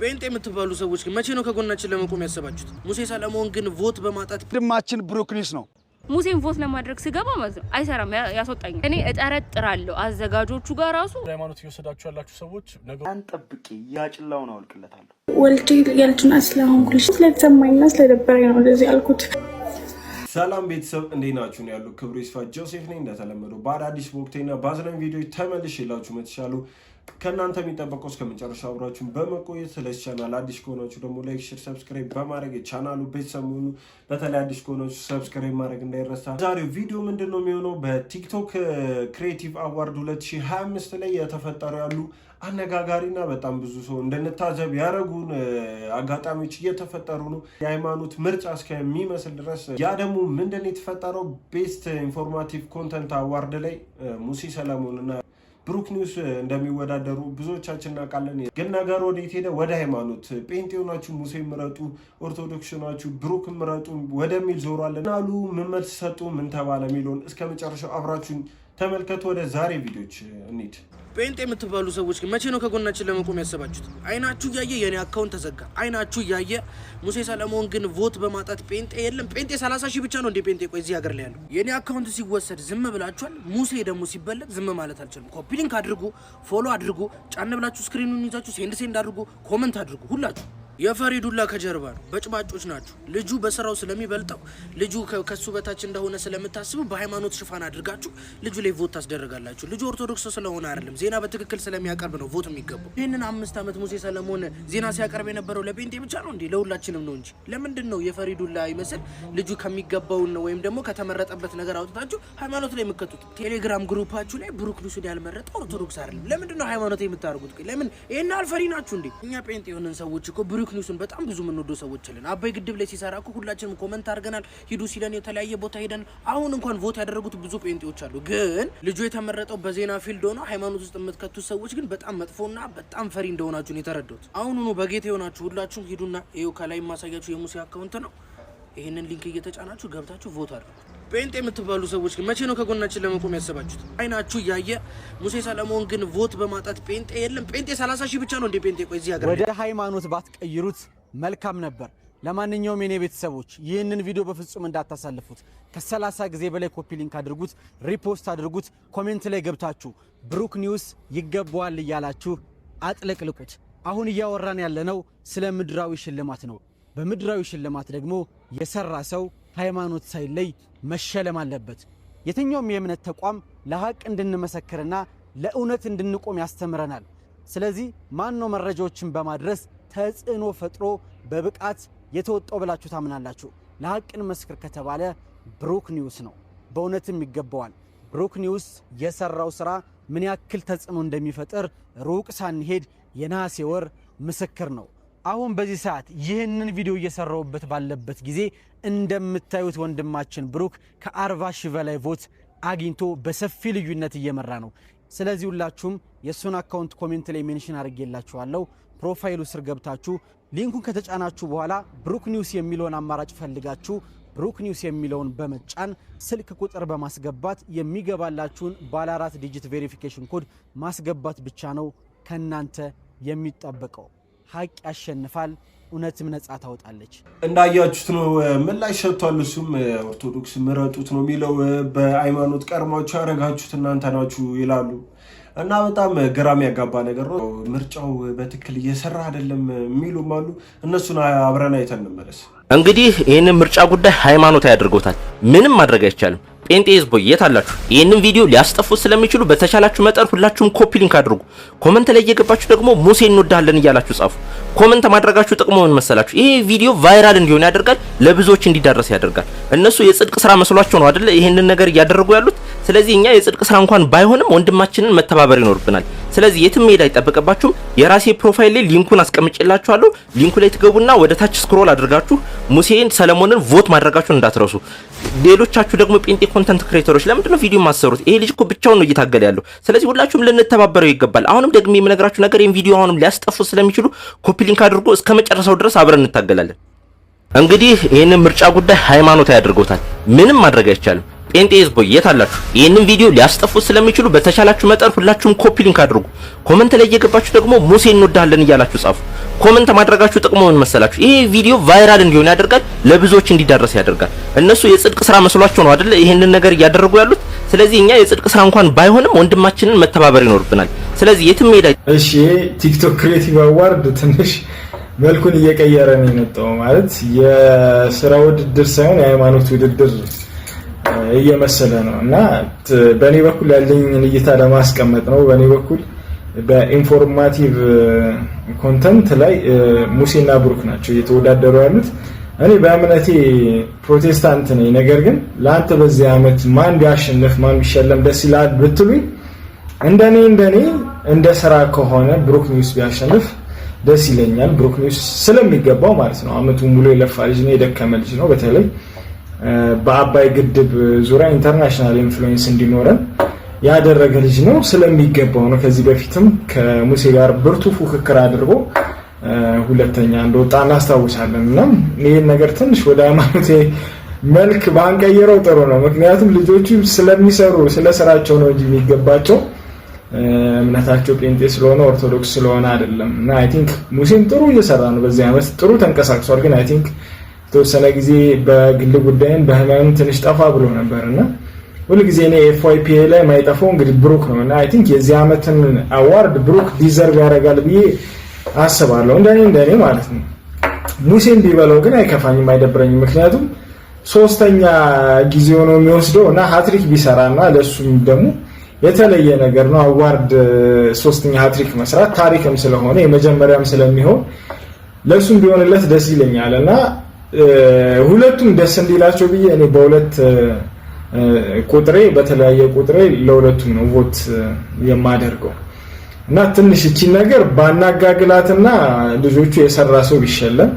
ጴንጤ የምትባሉ ሰዎች ግን መቼ ነው ከጎናችን ለመቆም ያሰባችሁት? ሙሴ ሰለሞን ግን ቮት በማጣት ድማችን ብሩክኒስ ነው። ሙሴን ቮት ለማድረግ ስገባ ማለት ነው አይሰራም፣ ያስወጣኝ። እኔ እጠረጥራለሁ አዘጋጆቹ ጋር ራሱ ሃይማኖት እየወሰዳችሁ ያላችሁ ሰዎች ነገን ጠብቄ ያጭላውን አወልቅለታለሁ። ወልጄ ያልጅና ስለሆንኩልሽ ስለተሰማኝና ስለደበረኝ ነው እንደዚህ ያልኩት። ሰላም ቤተሰብ እንዴት ናችሁ? ነው ያሉ ክብሩ ይስፋ ጆሴፍ ነኝ። እንደተለመደው በአዳዲስ ወቅቴና በአዝናኝ ቪዲዮ ተመልሼላችሁ መጥቻለሁ። ከእናንተ የሚጠበቀው እስከ መጨረሻ አብራችሁን በመቆየት ስለ ቻናል አዲስ ከሆናችሁ ደግሞ ላይክ፣ ሽር፣ ሰብስክራይብ በማድረግ የቻናሉ ቤተሰብ መሆኑ በተለይ አዲስ ከሆናችሁ ሰብስክራይብ ማድረግ እንዳይረሳ። ዛሬው ቪዲዮ ምንድን ነው የሚሆነው በቲክቶክ ክሬቲቭ አዋርድ 2025 ላይ የተፈጠሩ ያሉ አነጋጋሪና በጣም ብዙ ሰው እንድንታዘብ ያደረጉን አጋጣሚዎች እየተፈጠሩ ነው። የሃይማኖት ምርጫ እስከሚመስል ድረስ ያ ደግሞ ምንድን የተፈጠረው ቤስት ኢንፎርማቲቭ ኮንተንት አዋርድ ላይ ሙሴ ሰለሞን እና ብሩክ ኒውስ እንደሚወዳደሩ ብዙዎቻችን እናውቃለን። ግን ነገር ወዴት ሄደ? ወደ ሃይማኖት ጴንጤው ናችሁ ሙሴ ምረጡ፣ ኦርቶዶክስ ናችሁ ብሩክ ምረጡ ወደሚል ዞሯለን አሉ። ምን መልስ ሰጡ? ምን ተባለ? የሚለውን እስከ መጨረሻው አብራችሁን ተመልከቱ። ወደ ዛሬ ቪዲዮች እንሂድ። ጴንጤ የምትባሉ ሰዎች ግን መቼ ነው ከጎናችን ለመቆም ያሰባችሁት? አይናችሁ እያየ የኔ አካውንት ተዘጋ። አይናችሁ እያየ ሙሴ ሰለሞን ግን ቮት በማጣት ጴንጤ የለም። ጴንጤ 30 ሺህ ብቻ ነው እንዴ? ጴንጤ ቆይ፣ እዚህ ሀገር ላይ ያለው የኔ አካውንት ሲወሰድ ዝም ብላችኋል። ሙሴ ደግሞ ሲበለጥ ዝም ማለት አልችልም። ኮፒ ሊንክ አድርጉ፣ ፎሎ አድርጉ፣ ጫን ብላችሁ ስክሪኑን ይዛችሁ ሴንድ ሴንድ አድርጉ፣ ኮመንት አድርጉ ሁላችሁ የፈሪ ዱላ ከጀርባ ነው። በጭባጮች ናችሁ። ልጁ በስራው ስለሚበልጠው ልጁ ከሱ በታች እንደሆነ ስለምታስቡ በሃይማኖት ሽፋን አድርጋችሁ ልጁ ላይ ቮት ታስደርጋላችሁ። ልጁ ኦርቶዶክስ ስለሆነ አይደለም፣ ዜና በትክክል ስለሚያቀርብ ነው ቮት የሚገባው። ይህንን አምስት ዓመት ሙሴ ሰለሞን ዜና ሲያቀርብ የነበረው ለጴንጤ ብቻ ነው እንዴ? ለሁላችንም ነው እንጂ ለምንድን ነው የፈሪ ዱላ ይመስል ልጁ ከሚገባውን ነው ወይም ደግሞ ከተመረጠበት ነገር አውጥታችሁ ሃይማኖት ላይ የምከቱት? ቴሌግራም ግሩፓችሁ ላይ ብሩክ ሉሱን ያልመረጠ ኦርቶዶክስ አይደለም። ለምንድን ነው ሃይማኖት የምታደርጉት? ለምን ይህን አልፈሪ ናችሁ እንዴ? እኛ ጴንጤ የሆንን ሰዎች እኮ ብሩ ኒውስን በጣም ብዙ የምንወደው ሰዎች አለን። አባይ ግድብ ላይ ሲሰራ እኮ ሁላችንም ኮመንት አድርገናል፣ ሂዱ ሲለን የተለያየ ቦታ ሄደን አሁን እንኳን ቮት ያደረጉት ብዙ ጴንጤዎች አሉ። ግን ልጁ የተመረጠው በዜና ፊልድ ሆኖ ሃይማኖት ውስጥ የምትከቱት ሰዎች ግን በጣም መጥፎና በጣም ፈሪ እንደሆናችሁን የተረዳሁት። አሁኑኑ በጌታ የሆናችሁ ሁላችሁም ሂዱና ይኸው ከላይ የማሳያችሁ የሙሴ አካውንት ነው። ይህንን ሊንክ እየተጫናችሁ ገብታችሁ ቮት አድርጉት። ጴንጤ የምትባሉ ሰዎች ግን መቼ ነው ከጎናችን ለመቆም ያሰባችሁት? አይናችሁ እያየ ሙሴ ሰለሞን ግን ቮት በማጣት ጴንጤ የለም ጴንጤ 30 ሺህ ብቻ ነው እንደ ጴንጤ። ቆይ እዚህ ሀገር ወደ ሃይማኖት ባትቀይሩት መልካም ነበር። ለማንኛውም የኔ ቤተሰቦች ይህንን ቪዲዮ በፍጹም እንዳታሳልፉት። ከ30 ጊዜ በላይ ኮፒ ሊንክ አድርጉት፣ ሪፖስት አድርጉት፣ ኮሜንት ላይ ገብታችሁ ብሩክ ኒውስ ይገባዋል እያላችሁ አጥለቅልቁት። አሁን እያወራን ያለነው ስለ ምድራዊ ሽልማት ነው። በምድራዊ ሽልማት ደግሞ የሰራ ሰው ሃይማኖት ሳይለይ መሸለም አለበት። የትኛውም የእምነት ተቋም ለሐቅ እንድንመሰክርና ለእውነት እንድንቆም ያስተምረናል። ስለዚህ ማነው መረጃዎችን በማድረስ ተጽዕኖ ፈጥሮ በብቃት የተወጣው ብላችሁ ታምናላችሁ? ለሐቅን መስክር ከተባለ ብሩክ ኒውስ ነው። በእውነትም ይገባዋል። ብሩክ ኒውስ የሰራው ስራ ምን ያክል ተጽዕኖ እንደሚፈጥር ሩቅ ሳንሄድ የነሐሴ ወር ምስክር ነው። አሁን በዚህ ሰዓት ይህንን ቪዲዮ እየሰራሁበት ባለበት ጊዜ እንደምታዩት ወንድማችን ብሩክ ከአርባ ሺህ በላይ ቮት አግኝቶ በሰፊ ልዩነት እየመራ ነው። ስለዚህ ሁላችሁም የእሱን አካውንት ኮሜንት ላይ ሜንሽን አድርጌላችኋለሁ። ፕሮፋይሉ ስር ገብታችሁ ሊንኩን ከተጫናችሁ በኋላ ብሩክ ኒውስ የሚለውን አማራጭ ፈልጋችሁ ብሩክ ኒውስ የሚለውን በመጫን ስልክ ቁጥር በማስገባት የሚገባላችሁን ባለ አራት ዲጂት ቬሪፊኬሽን ኮድ ማስገባት ብቻ ነው ከእናንተ የሚጠበቀው። ሀቅ ያሸንፋል። እውነትም ነጻ ታወጣለች። እንዳያችሁት ነው ምላሽ ሰጥቷል። እሱም ኦርቶዶክስ ምረጡት ነው የሚለው። በሃይማኖት ቀርማችሁ ያደረጋችሁት እናንተ ናችሁ ይላሉ እና በጣም ግራም ያጋባ ነገር ነው። ምርጫው በትክክል እየሰራ አይደለም የሚሉም አሉ። እነሱን አብረን አይተን እንመለስ። እንግዲህ ይህንን ምርጫ ጉዳይ ሃይማኖት ያደርጎታል። ምንም ማድረግ አይቻልም። ጴንጤ ህዝቦይ የት አላችሁ? ይህንን ቪዲዮ ሊያስጠፉ ስለሚችሉ በተቻላችሁ መጠን ሁላችሁም ኮፒ ሊንክ አድርጉ። ኮመንት ላይ እየገባችሁ ደግሞ ሙሴ እንወዳለን እያላችሁ ጻፉ። ኮመንት ማድረጋችሁ ጥቅሙ ምን መሰላችሁ? ይሄ ቪዲዮ ቫይራል እንዲሆን ያደርጋል፣ ለብዙዎች እንዲዳረስ ያደርጋል። እነሱ የጽድቅ ስራ መስሏቸው ነው አይደለ ይህንን ነገር እያደረጉ ያሉት። ስለዚህ እኛ የጽድቅ ስራ እንኳን ባይሆንም ወንድማችንን መተባበር ይኖርብናል። ስለዚህ የትም መሄድ አይጠበቅባችሁም። የራሴ ፕሮፋይል ላይ ሊንኩን አስቀምጬላችኋለሁ። ሊንኩ ላይ ትገቡና ወደ ታች ስክሮል አድርጋችሁ ሙሴን፣ ሰለሞንን ቮት ማድረጋችሁን እንዳትረሱ። ሌሎቻችሁ ደግሞ ጴንጤ ኮንተንት ክሬተሮች ለምንድን ነው ቪዲዮ ማሰሩት? ይሄ ልጅ እኮ ብቻውን ነው እየታገለ ያለው። ስለዚህ ሁላችሁም ልንተባበረው ይገባል። አሁንም ደግሜ የምነግራችሁ ነገር ይህን ቪዲዮ አሁንም ሊያስጠፉ ስለሚችሉ ኮፒ ሊንክ አድርጎ እስከ መጨረሻው ድረስ አብረን እንታገላለን። እንግዲህ ይህንን ምርጫ ጉዳይ ሃይማኖት ያደርገውታል። ምንም ማድረግ አይቻልም። ጴንጤ ቦይ የት አላችሁ? ይህንን ቪዲዮ ሊያስጠፉት ስለሚችሉ በተቻላችሁ መጠን ሁላችሁም ኮፒ ሊንክ አድርጉ። ኮመንት ላይ እየገባችሁ ደግሞ ሙሴ እንወዳለን እያላችሁ ጻፉ። ኮመንት ማድረጋችሁ ጥቅሙ ምን መሰላችሁ? ይሄ ቪዲዮ ቫይራል እንዲሆን ያደርጋል፣ ለብዙዎች እንዲዳረስ ያደርጋል። እነሱ የጽድቅ ስራ መስሏቸው ነው አይደል ይሄንን ነገር እያደረጉ ያሉት። ስለዚህ እኛ የጽድቅ ስራ እንኳን ባይሆንም ወንድማችንን መተባበር ይኖርብናል። ስለዚህ የትም ሄዳ እሺ፣ ቲክቶክ ክሬቲቭ አዋርድ ትንሽ መልኩን እየቀየረ ነው የመጣው ማለት የስራ ውድድር ሳይሆን የሃይማኖት ውድድር እየመሰለ ነው እና በእኔ በኩል ያለኝን እይታ ለማስቀመጥ ነው። በእኔ በኩል በኢንፎርማቲቭ ኮንተንት ላይ ሙሴና ብሩክ ናቸው እየተወዳደሩ ያሉት። እኔ በእምነቴ ፕሮቴስታንት ነኝ። ነገር ግን ለአንተ በዚህ ዓመት ማን ቢያሸንፍ ማን ቢሸለም ደስ ይላል ብትሉኝ እንደኔ እንደኔ እንደ ስራ ከሆነ ብሩክ ኒውስ ቢያሸንፍ ደስ ይለኛል። ብሩክ ኒውስ ስለሚገባው ማለት ነው። ዓመቱን ሙሉ የለፋ ልጅ ነው፣ የደከመ ልጅ ነው። በተለይ በአባይ ግድብ ዙሪያ ኢንተርናሽናል ኢንፍሉዌንስ እንዲኖረን ያደረገ ልጅ ነው። ስለሚገባው ነው። ከዚህ በፊትም ከሙሴ ጋር ብርቱ ፉክክር አድርጎ ሁለተኛ እንደወጣ እናስታውሳለን። እና ይህን ነገር ትንሽ ወደ ሃይማኖቴ መልክ ባንቀየረው ጥሩ ነው። ምክንያቱም ልጆቹ ስለሚሰሩ ስለ ስራቸው ነው እንጂ የሚገባቸው እምነታቸው ጴንጤ ስለሆነ ኦርቶዶክስ ስለሆነ አይደለም። እና አይ ቲንክ ሙሴም ጥሩ እየሰራ ነው። በዚህ ዓመት ጥሩ ተንቀሳቅሷል። ግን አይ ቲንክ የተወሰነ ጊዜ በግል ጉዳይም በህመም ትንሽ ጠፋ ብሎ ነበር እና ሁልጊዜ እኔ ኤፍ ዋይ ፒ ኤ ላይ ማይጠፋው እንግዲህ ብሩክ ነው እና አይ ቲንክ የዚህ ዓመትን አዋርድ ብሩክ ዲዘርቭ ያደርጋል ብዬ አስባለሁ። እንደኔ እንደኔ ማለት ነው። ሙሴን ቢበለው ግን አይከፋኝም፣ አይደብረኝም። ምክንያቱም ሶስተኛ ጊዜ ሆኖ የሚወስደው እና ሀትሪክ ቢሰራ እና ለእሱም ደግሞ የተለየ ነገር ነው አዋርድ ሶስተኛ ሀትሪክ መስራት ታሪክም ስለሆነ የመጀመሪያም ስለሚሆን ለእሱም ቢሆንለት ደስ ይለኛል እና ሁለቱም ደስ እንዲላቸው ብዬ እኔ በሁለት ቁጥሬ በተለያየ ቁጥሬ ለሁለቱም ነው ቮት የማደርገው እና ትንሽ እቺን ነገር ባናጋግላትና ልጆቹ የሰራ ሰው ቢሸለም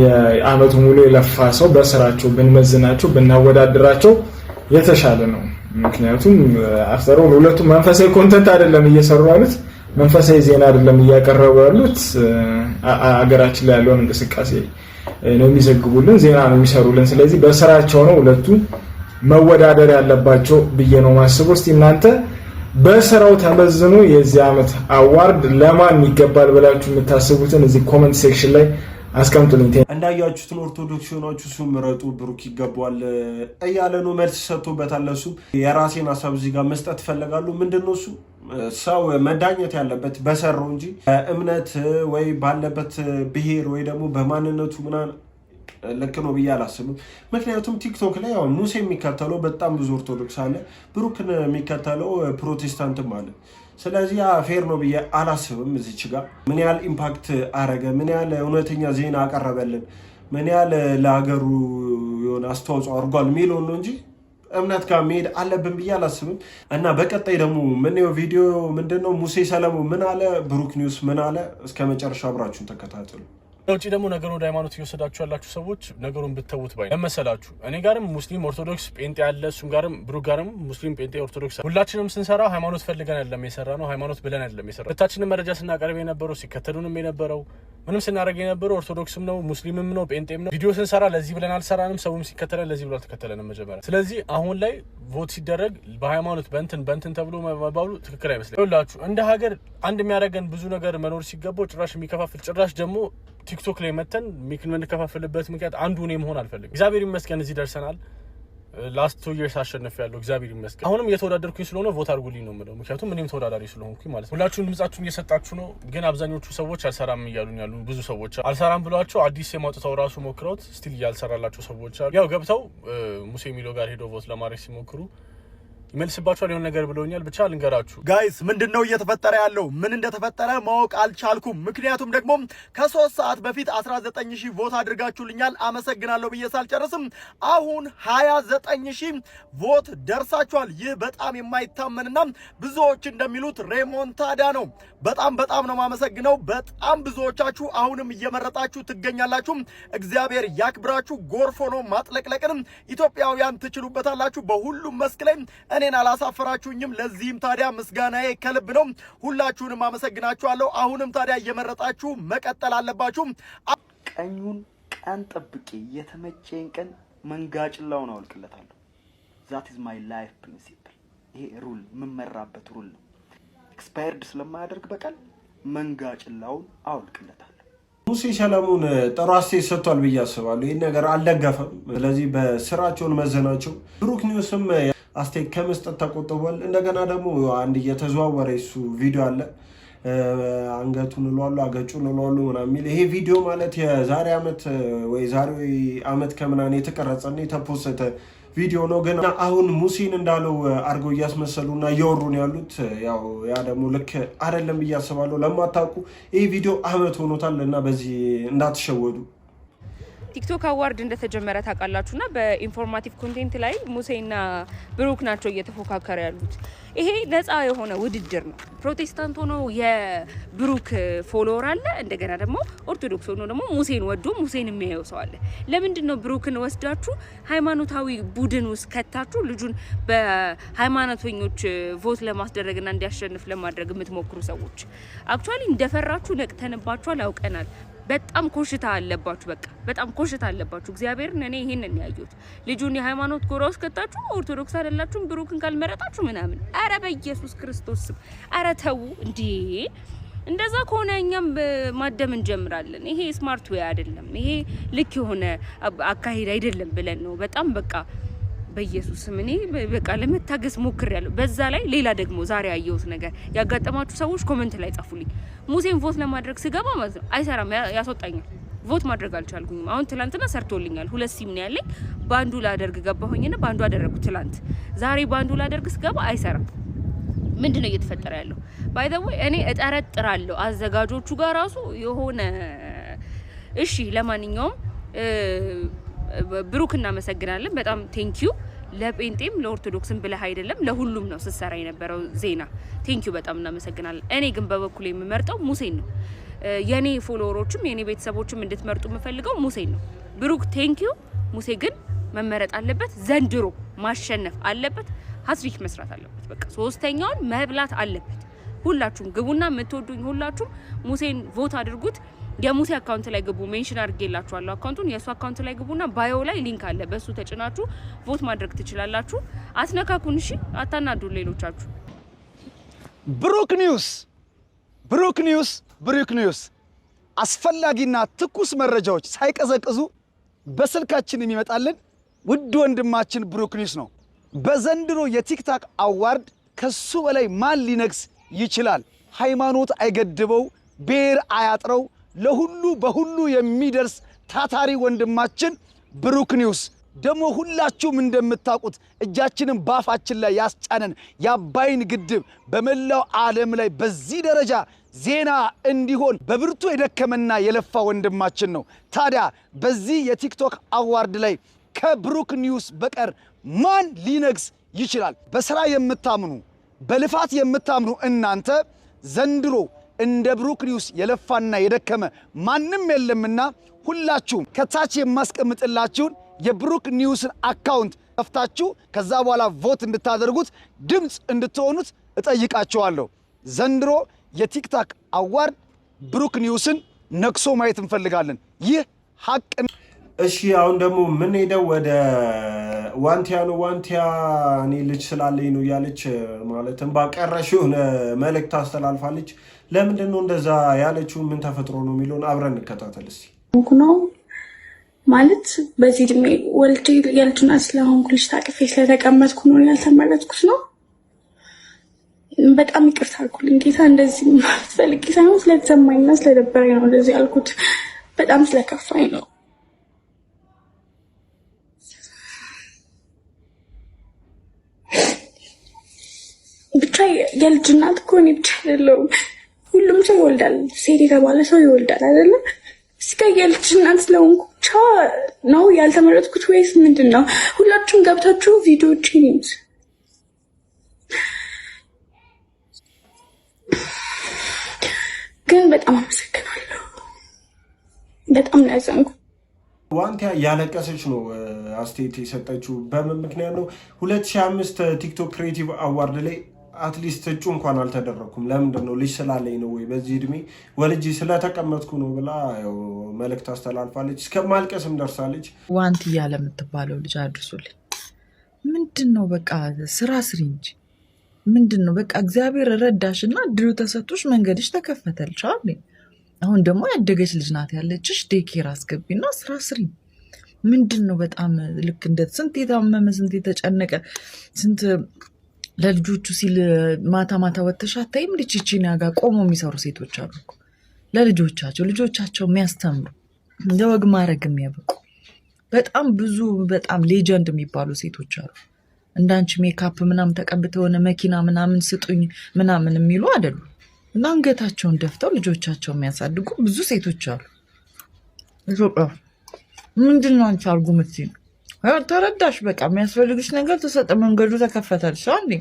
የአመቱ ሙሉ የለፋ ሰው በስራቸው ብንመዝናቸው ብናወዳድራቸው የተሻለ ነው። ምክንያቱም አፍተሮ ሁለቱም መንፈሳዊ ኮንተንት አይደለም እየሰሩ ያሉት፣ መንፈሳዊ ዜና አይደለም እያቀረቡ ያሉት። አገራችን ላይ ያለውን እንቅስቃሴ ነው የሚዘግቡልን፣ ዜና ነው የሚሰሩልን። ስለዚህ በስራቸው ነው ሁለቱ መወዳደር ያለባቸው ብዬ ነው ማስበው። እስቲ እናንተ በስራው ተመዝኑ የዚህ ዓመት አዋርድ ለማን ይገባል ብላችሁ የምታስቡትን እዚህ ኮመንት ሴክሽን ላይ አስቀምጡልኝ። እንዳያችሁትን ኦርቶዶክስ የሆናችሁ እሱ ምረጡ ብሩክ ይገባዋል እያለ ነው መልስ ሰጥቶበታል። እሱ የራሴን ሀሳብ እዚህ ጋር መስጠት እፈልጋለሁ። ምንድን ነው እሱ ሰው መዳኘት ያለበት በሰሩ እንጂ በእምነት ወይ ባለበት ብሔር ወይ ደግሞ በማንነቱ ምናምን ልክ ነው ብዬ አላስብም። ምክንያቱም ቲክቶክ ላይ ያው ሙሴ የሚከተለው በጣም ብዙ ኦርቶዶክስ አለ፣ ብሩክን የሚከተለው ፕሮቴስታንትም አለ። ስለዚህ ፌር ነው ብዬ አላስብም። እዚች ጋር ምን ያህል ኢምፓክት አረገ፣ ምን ያህል እውነተኛ ዜና አቀረበልን፣ ምን ያህል ለሀገሩ የሆነ አስተዋጽኦ አድርጓል የሚለውን ነው እንጂ እምነት ጋር መሄድ አለብን ብዬ አላስብም። እና በቀጣይ ደግሞ ምንየው ቪዲዮ ምንድን ነው ሙሴ ሰለሞን ምን አለ፣ ብሩክ ኒውስ ምን አለ፣ እስከ መጨረሻ አብራችሁን ተከታተሉ። ውጭ ደግሞ ነገሩ ወደ ሃይማኖት እየወሰዳችሁ ያላችሁ ሰዎች ነገሩን ብተዉት ባይ ለመሰላችሁ፣ እኔ ጋርም ሙስሊም ኦርቶዶክስ ጴንጤ አለ፣ እሱም ጋርም ብሩክ ጋርም ሙስሊም ጴንጤ ኦርቶዶክስ፣ ሁላችንም ስንሰራ ሃይማኖት ፈልገን አይደለም የሰራ ነው ሃይማኖት ብለን አይደለም የሰራ ሁለታችንም መረጃ ስናቀርብ የነበረው ሲከተሉንም የነበረው ምንም ስናደርግ የነበረው ኦርቶዶክስም ነው ሙስሊምም ነው ጴንጤም ነው ቪዲዮ ስንሰራ ለዚህ ብለን አልሰራንም፣ ሰውም ሲከተለን ለዚህ ብሎ አልተከተለንም መጀመሪያ። ስለዚህ አሁን ላይ ቮት ሲደረግ በሃይማኖት በንትን በንትን ተብሎ መባሉ ትክክል አይመስለኝ ላችሁ እንደ ሀገር አንድ የሚያደርገን ብዙ ነገር መኖር ሲገባው ጭራሽ የሚከፋፍል ጭራሽ ደግሞ ቲክቶክ ላይ መተን የምንከፋፍልበት ምክንያት አንዱ እኔ መሆን አልፈልግም። እግዚአብሔር ይመስገን እዚህ ደርሰናል። ላስት ቱ ይርስ አሸነፍ ያለው እግዚአብሔር ይመስገን። አሁንም እየተወዳደርኩኝ ስለሆነ ቮት አድርጉልኝ ነው የምለው፣ ምክንያቱም እኔም ተወዳዳሪ ስለሆንኩኝ ማለት ነው። ሁላችሁም ድምጻችሁን እየሰጣችሁ ነው፣ ግን አብዛኞቹ ሰዎች አልሰራም እያሉን ያሉ ብዙ ሰዎች አልሰራም ብሏቸው አዲስ የማውጥተው ራሱ ሞክረውት ስቲል እያልሰራላቸው ሰዎች አሉ። ያው ገብተው ሙሴ የሚለው ጋር ሄደው ቮት ለማድረግ ሲሞክሩ ይመልስባችኋል። የሆነ ነገር ብለውኛል፣ ብቻ ልንገራችሁ ጋይስ፣ ምንድን ነው እየተፈጠረ ያለው? ምን እንደተፈጠረ ማወቅ አልቻልኩም። ምክንያቱም ደግሞ ከሶስት ሰዓት በፊት 19 ሺህ ቮት አድርጋችሁልኛል አመሰግናለሁ ብዬ ሳልጨርስም አሁን 29 ሺህ ቮት ደርሳችኋል። ይህ በጣም የማይታመንና ብዙዎች እንደሚሉት ሬሞንታዳ ነው። በጣም በጣም ነው የማመሰግነው። በጣም ብዙዎቻችሁ አሁንም እየመረጣችሁ ትገኛላችሁ። እግዚአብሔር ያክብራችሁ። ጎርፎ ነው ማጥለቅለቅንም ኢትዮጵያውያን ትችሉበታላችሁ በሁሉም መስክ ላይ እኔን አላሳፈራችሁኝም። ለዚህም ታዲያ ምስጋናዬ ከልብ ነው። ሁላችሁንም አመሰግናችኋለሁ። አሁንም ታዲያ እየመረጣችሁ መቀጠል አለባችሁም። ቀኙን ቀን ጠብቄ የተመቸኝ ቀን መንጋጭላውን አወልቅለታለሁ። ዛት ኢዝ ማይ ላይፍ ፕሪንሲፕል። ይሄ ሩል የምመራበት ሩል ነው። ኤክስፓየርድ ስለማያደርግ በቀል መንጋጭላውን አወልቅለታለሁ። ሙሴ ሰለሞን ጥሩ አስተያየት ሰጥቷል ብዬ አስባለሁ። ይህ ነገር አልደገፈም። ስለዚህ በስራቸውን መዘናቸው ብሩክ ኒውስም አስተያየት ከመስጠት ተቆጥቧል። እንደገና ደግሞ አንድ እየተዘዋወረ እሱ ቪዲዮ አለ አንገቱን እሏሉ አገጩን እሏሉ ምናምን የሚል ይሄ ቪዲዮ ማለት የዛሬ ዓመት ወይ ዛሬ ዓመት ከምናን የተቀረጸና የተፖሰተ ቪዲዮ ነው። ግን አሁን ሙሲን እንዳለው አድርገው እያስመሰሉ እና እየወሩን ያሉት ያው ያ ደግሞ ልክ አይደለም ብዬ አስባለሁ። ለማታውቁ ይህ ቪዲዮ ዓመት ሆኖታል እና በዚህ እንዳትሸወዱ። ቲክቶክ አዋርድ እንደተጀመረ ታውቃላችሁ እና በኢንፎርማቲቭ ኮንቴንት ላይ ሙሴና ብሩክ ናቸው እየተፎካከረ ያሉት። ይሄ ነፃ የሆነ ውድድር ነው። ፕሮቴስታንት ሆኖ የብሩክ ፎሎወር አለ። እንደገና ደግሞ ኦርቶዶክስ ሆኖ ደግሞ ሙሴን ወዶ ሙሴን የሚያየው ሰው አለ። ለምንድን ነው ብሩክን ወስዳችሁ ሃይማኖታዊ ቡድን ውስጥ ከታችሁ ልጁን በሃይማኖተኞች ቮት ለማስደረግና እንዲያሸንፍ ለማድረግ የምትሞክሩ ሰዎች አክቹዋሊ እንደፈራችሁ ነቅተንባችኋል፣ ያውቀናል። በጣም ኮሽታ አለባችሁ። በቃ በጣም ኮሽታ አለባችሁ። እግዚአብሔርን እኔ ይሄንን ያየሁት ልጁን የሃይማኖት ጎራ ውስጥ ከታችሁ ኦርቶዶክስ አይደላችሁም ብሩክን ካልመረጣችሁ ምናምን። አረ በኢየሱስ ክርስቶስ ስም አረ ተው እንዴ! እንደዛ ከሆነ እኛም ማደም እንጀምራለን። ይሄ ስማርት ዌይ አይደለም፣ ይሄ ልክ የሆነ አካሄድ አይደለም ብለን ነው በጣም በቃ በኢየሱስ ስም እኔ በቃ ለመታገስ ያለው። በዛ ላይ ሌላ ደግሞ ዛሬ ያየሁት ነገር ያጋጠማችሁ ሰዎች ኮመንት ላይ ጻፉልኝ። ሙሴን ቮት ለማድረግ ስገባ ማለት ነው አይሰራም፣ ያስወጣኛል። ቮት ማድረግ አልቻልኩኝም። አሁን ትላንትና ሰርቶልኛል። ሁለት ሲም ነው ያለኝ። በአንዱ ላደርግ ገባሁኝና በአንዱ አደረጉ ትላንት። ዛሬ በአንዱ ላደርግ ስገባ አይሰራም። ምንድን ነው እየተፈጠረ ያለው? ባይዘዌ እኔ እጠረጥራለሁ አዘጋጆቹ ጋር ራሱ የሆነ እሺ፣ ለማንኛውም ብሩክ እናመሰግናለን። በጣም ቴንኪዩ። ለጴንጤም ለኦርቶዶክስም ብለህ አይደለም ለሁሉም ነው ስትሰራ የነበረው ዜና። ቴንኪዩ በጣም እናመሰግናለን። እኔ ግን በበኩል የምመርጠው ሙሴን ነው። የኔ ፎሎወሮችም የኔ ቤተሰቦችም እንድትመርጡ የምፈልገው ሙሴን ነው። ብሩክ ቴንኪዩ። ሙሴ ግን መመረጥ አለበት። ዘንድሮ ማሸነፍ አለበት። ሀስሪክ መስራት አለበት። በቃ ሶስተኛውን መብላት አለበት። ሁላችሁም ግቡና የምትወዱኝ ሁላችሁም ሙሴን ቮት አድርጉት። የሙሴ አካውንት ላይ ግቡ። ሜንሽን አድርጌላችኋለሁ አካውንቱን። የእሱ አካውንት ላይ ግቡና ባዮ ላይ ሊንክ አለ። በእሱ ተጭናችሁ ቮት ማድረግ ትችላላችሁ። አትነካኩን፣ እሺ? አታናዱን ሌሎቻችሁ። ብሩክ ኒውስ፣ ብሩክ ኒውስ፣ ብሩክ ኒውስ። አስፈላጊና ትኩስ መረጃዎች ሳይቀዘቅዙ በስልካችን የሚመጣልን ውድ ወንድማችን ብሩክ ኒውስ ነው። በዘንድሮ የቲክታክ አዋርድ ከሱ በላይ ማን ሊነግስ ይችላል? ሃይማኖት አይገድበው፣ ብሔር አያጥረው ለሁሉ በሁሉ የሚደርስ ታታሪ ወንድማችን ብሩክ ኒውስ ደግሞ ሁላችሁም እንደምታውቁት እጃችንን ባፋችን ላይ ያስጫነን የአባይን ግድብ በመላው ዓለም ላይ በዚህ ደረጃ ዜና እንዲሆን በብርቱ የደከመና የለፋ ወንድማችን ነው። ታዲያ በዚህ የቲክቶክ አዋርድ ላይ ከብሩክ ኒውስ በቀር ማን ሊነግስ ይችላል? በስራ የምታምኑ በልፋት የምታምኑ እናንተ ዘንድሮ እንደ ብሩክሊውስ የለፋና የደከመ ማንም የለምና ሁላችሁም ከታች የማስቀምጥላችሁን የብሩክ ኒውስን አካውንት ከፍታችሁ ከዛ በኋላ ቮት እንድታደርጉት ድምፅ እንድትሆኑት እጠይቃችኋለሁ። ዘንድሮ የቲክታክ አዋርድ ብሩክ ኒውስን ነቅሶ ማየት እንፈልጋለን። ይህ ሀቅ። እሺ አሁን ደግሞ ምን ሄደው ወደ ዋንቲያ ነው ዋንቲያ እኔ ልጅ ስላለኝ ነው እያለች ማለትም ባቀረሽ የሆነ መልእክት አስተላልፋለች። ለምንድን ነው እንደዛ ያለችው? ምን ተፈጥሮ ነው የሚለውን አብረን እንከታተል ስ ነው ማለት በዚህ እድሜ ወልጄ የልጅና ስለሆንኩ ልጅ ታቅፌ ስለተቀመጥኩ ነው ያልተመረጥኩት ነው። በጣም ይቅርታ አልኩልኝ ጌታ። እንደዚህ ማለት ፈልጌ ሳይሆን ስለተሰማኝና ስለደበረኝ ነው እንደዚህ ያልኩት። በጣም ስለከፋኝ ነው የልጅ እናት እኮ እኔ ብቻ አይደለሁም። ሁሉም ሰው ይወልዳል። ሴት የተባለ ሰው ይወልዳል አይደለ? እስከ የልጅ እናት ስለሆንኩ ብቻ ነው ያልተመረጥኩት ወይስ ምንድን ነው? ሁላችሁም ገብታችሁ ቪዲዮች ይዩት። ግን በጣም አመሰግናለሁ። በጣም ነው ያዘንኩ። ዋንቲያ ያለቀሰች ነው አስቴት የሰጠችው። በምን ምክንያት ነው? 2005 ቲክቶክ ክሬቲቭ አዋርድ ላይ አትሊስት እጩ እንኳን አልተደረግኩም። ለምንድን ነው ልጅ ስላለኝ ነው ወይ በዚህ እድሜ ወልጅ ስለተቀመጥኩ ነው ብላ መልእክት አስተላልፋለች። እስከ ማልቀስም ደርሳለች። ዋንት እያለ የምትባለው ልጅ አድርሱልኝ። ምንድን ነው በቃ ስራ ስሪ እንጂ ምንድን ነው በቃ እግዚአብሔር ረዳሽ እና ድሉ ተሰጥቶሽ መንገድሽ ተከፈተልሽ። አሁን ደግሞ ያደገች ልጅ ናት ያለችሽ። ዴኬር እና ስራ ስሪ ምንድን ነው በጣም ልክ እንደት ስንት የታመመ ስንት የተጨነቀ ስንት ለልጆቹ ሲል ማታ ማታ ወተሻ ታይም ልችቺን ያጋ ቆመው የሚሰሩ ሴቶች አሉ። ለልጆቻቸው ልጆቻቸው የሚያስተምሩ ለወግ ማድረግ የሚያበቁ በጣም ብዙ በጣም ሌጀንድ የሚባሉ ሴቶች አሉ። እንዳንቺ ሜካፕ ምናምን ተቀብተ የሆነ መኪና ምናምን ስጡኝ ምናምን የሚሉ አይደሉ እና አንገታቸውን ደፍተው ልጆቻቸው የሚያሳድጉ ብዙ ሴቶች አሉ ኢትዮጵያ። ምንድን ነው አንቺ አርጉ የምትይው? ተረዳሽ። በቃ የሚያስፈልግሽ ነገር ተሰጠ፣ መንገዱ ሰው አንዴ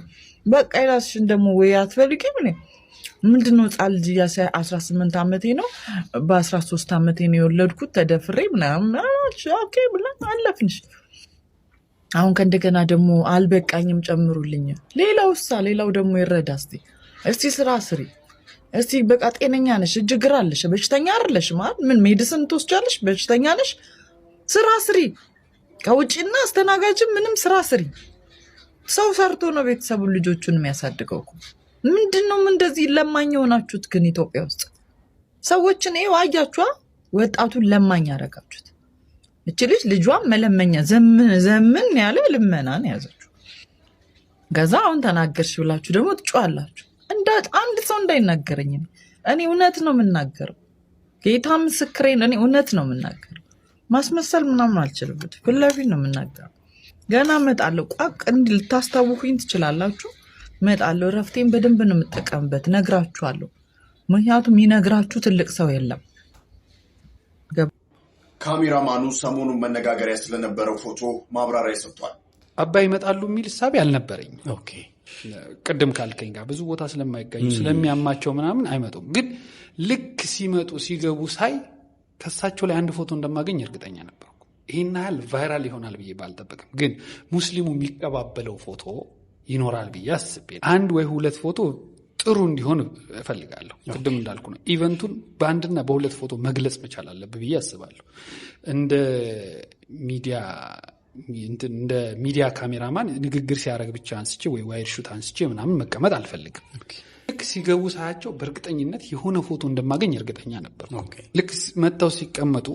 በቃ የራስሽን ደግሞ ወይ አትፈልጊም? እኔ ምንድነው ጻል ልጅያ ሳይ 18 ዓመቴ ነው በ13 ዓመቴ ነው የወለድኩት ተደፍሬ ምናምን ብላ አለፍንሽ። አሁን ከእንደገና ደግሞ አልበቃኝም ጨምሩልኝ። ሌላው ሳ ሌላው ደግሞ ይረዳ። እስቲ እስቲ ስራ ስሪ እስቲ በቃ ጤነኛ ነሽ፣ እጅ እግር አለሽ፣ በሽተኛ አይደለሽ። ማለት ምን ሜዲስን ትወስጃለሽ? በሽተኛ ነሽ፣ ስራ ስሪ። ከውጭና አስተናጋጅም ምንም ስራ ስሪ። ሰው ሰርቶ ነው ቤተሰቡን ልጆቹን የሚያሳድገው። ምንድን ነው እንደዚህ ለማኝ የሆናችሁት? ግን ኢትዮጵያ ውስጥ ሰዎችን ይኸው አያችኋ፣ ወጣቱን ለማኝ ያደረጋችሁት። እች ልጅ ልጇን መለመኛ ዘምን ያለ ያለ ልመናን ያዘችው። ገዛ አሁን ተናገርሽ ብላችሁ ደግሞ ትጮሃላችሁ። አንድ ሰው እንዳይናገረኝ እኔ እውነት ነው የምናገረው። ጌታ ምስክሬን፣ እኔ እውነት ነው የምናገረው። ማስመሰል ምናምን አልችልበት ፊት ለፊት ነው የምናገረው። ገና እመጣለሁ። ቋቅ እንዲህ ልታስታውኩኝ ትችላላችሁ። እመጣለሁ። እረፍቴን በደንብ ነው የምጠቀምበት። ነግራችኋለሁ። ምክንያቱም ይነግራችሁ ትልቅ ሰው የለም። ካሜራማኑ ሰሞኑን መነጋገሪያ ስለነበረው ፎቶ ማብራሪያ ሰጥቷል። አባይ ይመጣሉ የሚል ሳቤ አልነበረኝ። ቅድም ካልከኝ ጋር ብዙ ቦታ ስለማይገኙ ስለሚያማቸው ምናምን አይመጡም። ግን ልክ ሲመጡ ሲገቡ ሳይ ከእሳቸው ላይ አንድ ፎቶ እንደማገኝ እርግጠኛ ነበርኩ። ይህን ያህል ቫይራል ይሆናል ብዬ ባልጠበቅም፣ ግን ሙስሊሙ የሚቀባበለው ፎቶ ይኖራል ብዬ አስቤ አንድ ወይ ሁለት ፎቶ ጥሩ እንዲሆን እፈልጋለሁ። ቅድም እንዳልኩ ነው፣ ኢቨንቱን በአንድና በሁለት ፎቶ መግለጽ መቻል አለብህ ብዬ አስባለሁ። እንደ ሚዲያ እንደ ሚዲያ ካሜራማን ንግግር ሲያደርግ ብቻ አንስቼ ወይ ዋይድ ሹት አንስቼ ምናምን መቀመጥ አልፈልግም። ልክ ሲገቡ ሳያቸው በእርግጠኝነት የሆነ ፎቶ እንደማገኝ እርግጠኛ ነበር። ልክ መጥተው ሲቀመጡ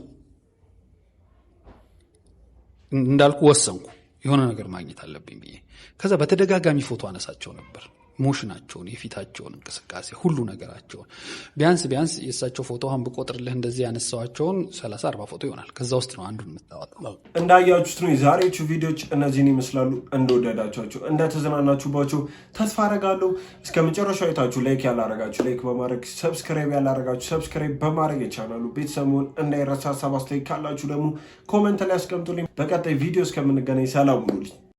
እንዳልኩ ወሰንኩ፣ የሆነ ነገር ማግኘት አለብኝ ብዬ። ከዛ በተደጋጋሚ ፎቶ አነሳቸው ነበር። ሞሽናቸውን የፊታቸውን እንቅስቃሴ ሁሉ ነገራቸውን ቢያንስ ቢያንስ የእሳቸው ፎቶ አሁን ብቆጥርልህ እንደዚህ ያነሳዋቸውን ሰላሳ አርባ ፎቶ ይሆናል። ከዛ ውስጥ ነው አንዱን የምታወጣው። እንዳያችሁት ነው የዛሬዎቹ ቪዲዮዎች እነዚህን ይመስላሉ። እንደወደዳቸቸው እንደተዝናናችሁባቸው ተስፋ አረጋለሁ። እስከ መጨረሻ አይታችሁ ላይክ ያላረጋችሁ ላይክ በማድረግ ሰብስክራይብ ያላረጋችሁ ሰብስክራይብ በማድረግ የቻናሉ ቤተሰብ እንዳይረሳ። ሀሳብ አስተያየት ካላችሁ ደግሞ ኮመንት ላይ አስቀምጡልኝ። በቀጣይ ቪዲዮ እስከምንገናኝ ሰላም ሁኑልኝ።